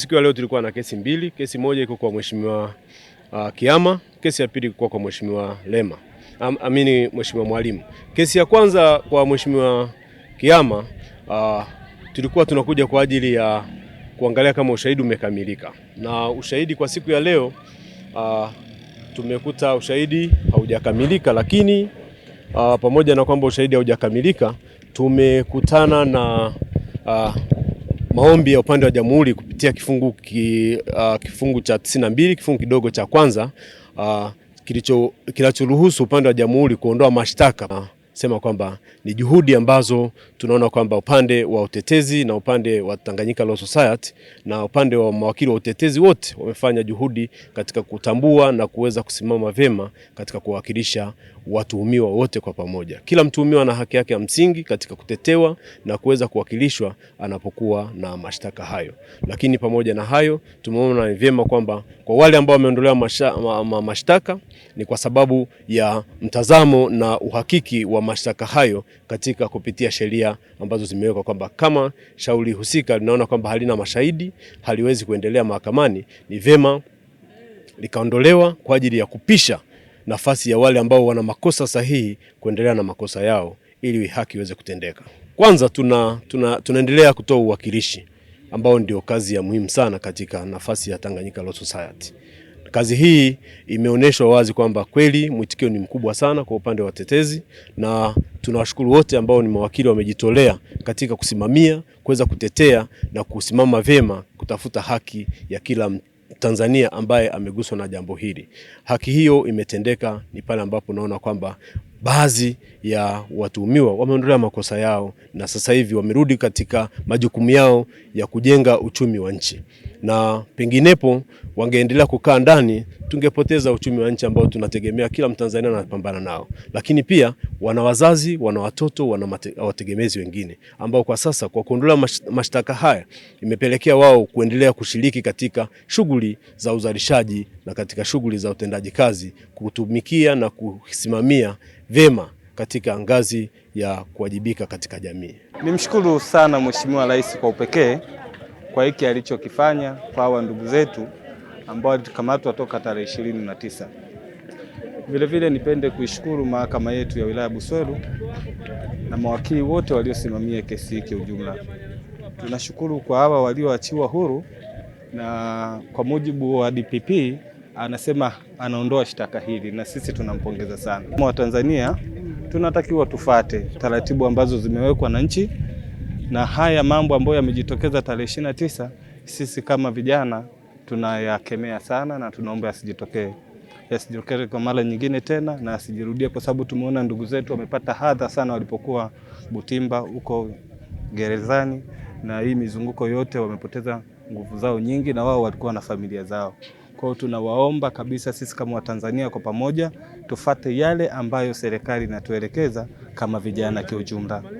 Siku ya leo tulikuwa na kesi mbili. Kesi moja iko kwa mheshimiwa uh, Kiama, kesi ya pili kwa mheshimiwa Lema Am, amini mheshimiwa Mwalimu. Kesi ya kwanza kwa mheshimiwa Kiama uh, tulikuwa tunakuja kwa ajili ya kuangalia kama ushahidi umekamilika, na ushahidi kwa siku ya leo uh, tumekuta ushahidi haujakamilika, lakini uh, pamoja na kwamba ushahidi haujakamilika tumekutana na uh, maombi ya upande wa jamhuri kupitia kifungu, ki, uh, kifungu cha tisini na mbili kifungu kidogo cha kwanza uh, kinachoruhusu upande wa jamhuri kuondoa mashtaka sema kwamba ni juhudi ambazo tunaona kwamba upande wa utetezi na upande wa Tanganyika Law Society na upande wa mawakili wa utetezi wote wamefanya juhudi katika kutambua na kuweza kusimama vyema katika kuwakilisha watuhumiwa wote kwa pamoja. Kila mtuhumiwa ana haki yake ya msingi katika kutetewa na kuweza kuwakilishwa anapokuwa na mashtaka hayo. Lakini pamoja na hayo, tumeona vyema kwamba kwa wale ambao wameondolewa mashtaka ma, ma, ni kwa sababu ya mtazamo na uhakiki wa mashtaka hayo katika kupitia sheria ambazo zimewekwa kwamba kama shauri husika linaona kwamba halina mashahidi, haliwezi kuendelea mahakamani, ni vema likaondolewa kwa ajili ya kupisha nafasi ya wale ambao wana makosa sahihi kuendelea na makosa yao ili haki iweze kutendeka. Kwanza tuna, tuna, tunaendelea kutoa uwakilishi ambao ndio kazi ya muhimu sana katika nafasi ya Tanganyika Law Society. Kazi hii imeonyeshwa wazi kwamba kweli mwitikio ni mkubwa sana kwa upande wa tetezi, na tunawashukuru wote ambao ni mawakili wamejitolea katika kusimamia, kuweza kutetea na kusimama vyema kutafuta haki ya kila mtu. Tanzania ambaye ameguswa na jambo hili. Haki hiyo imetendeka ni pale ambapo unaona kwamba baadhi ya watuhumiwa wameondolea makosa yao na sasa hivi wamerudi katika majukumu yao ya kujenga uchumi wa nchi, na penginepo wangeendelea kukaa ndani tungepoteza uchumi wa nchi ambao tunategemea kila Mtanzania anapambana nao, lakini pia wana wazazi, wana watoto, wana wategemezi wengine ambao kwa sasa kwa kuondolewa mashtaka haya imepelekea wao kuendelea kushiriki katika shughuli za uzalishaji na katika shughuli za utendaji kazi, kutumikia na kusimamia vyema katika ngazi ya kuwajibika katika jamii. Nimshukuru sana Mheshimiwa Rais kwa upekee kwa hiki alichokifanya kwa hawa ndugu zetu ambao walikamatwa toka tarehe ishirini na tisa. Vilevile nipende kuishukuru mahakama yetu ya wilaya Buswelu na mawakili wote waliosimamia kesi hii kwa ujumla. Tunashukuru kwa hawa walioachiwa huru na kwa mujibu wa DPP anasema anaondoa shtaka hili na sisi tunampongeza sana. Kama Watanzania tunatakiwa tufate taratibu ambazo zimewekwa na nchi, na haya mambo ambayo yamejitokeza tarehe ishirini na tisa, sisi kama vijana tunayakemea sana na tunaomba yasijitokee, yasijitokee kwa mara nyingine tena na yasijirudie, kwa sababu tumeona ndugu zetu wamepata hadha sana walipokuwa Butimba huko gerezani, na hii mizunguko yote wamepoteza nguvu zao nyingi, na wao walikuwa na familia zao. Kwa hiyo tunawaomba kabisa sisi kama Watanzania kwa pamoja tufate yale ambayo serikali inatuelekeza kama vijana kiujumla.